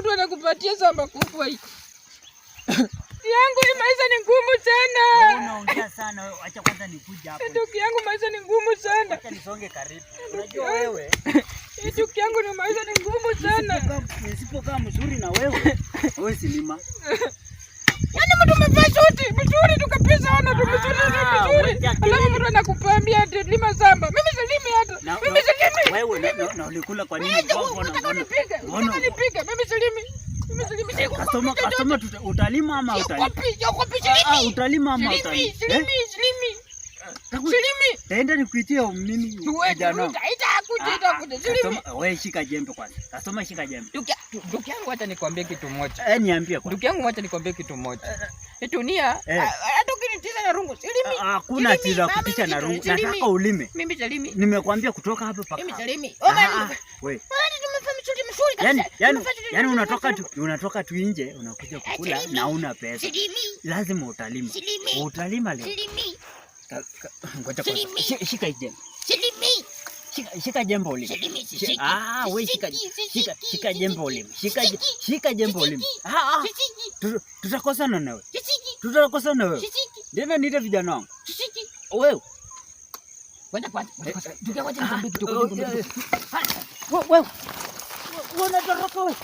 mtu anakupatia samba kubwa hii. yangu hii maisha ni ngumu sana. Unaongea sana. Acha kwanza nikuja hapo. Ndugu yangu maisha ni ngumu sana. Acha nisonge karibu. Unajua wewe. Ndugu yangu ni maisha ni ngumu sana. Nisipokaa mzuri na wewe. Wewe silima. Yaani mtu amevaa shoti, mzuri tukapisa ona mzuri ah, mzuri. Alafu mtu anakupambia lima samba na ulikula kwa nini? Utalima ama ah, ah, utalima ama taenda nikuitia mimi kijana. Ah, wewe shika jembe kwanza. Kasoma shika jembe. Ndugu yangu, acha nikwambie kitu moja. Eh, niambie kwanza. Ndugu yangu, acha nikwambie kitu moja. Dunia rungu silimi. Ah, hakuna ati kupita na rungu. Nataka ulime. Mimi talimi. Nimekwambia kutoka hapa paka. Mimi silimi. Wewe. mchuri Yaani yaani yaani unatoka tu unatoka tu nje unakuja eh, kukula na una pesa. Silimi. Lazima utalima. Silimi. Utalima leo. Silimi. Ngoja kwanza. Shika jembe. Silimi. Shika jembe ulime. Ah, wewe shika shika shika jembe ulime. Shika shika jembe ulime. Ah ah. Tutakosana na wewe. Tutakosana na wewe. Ndivyo niite vijana wangu. Wewe. Wenda kwa. Tukawaje kidogo ah, kidogo. Ah, ah. Wewe. Wewe unatoroka wewe.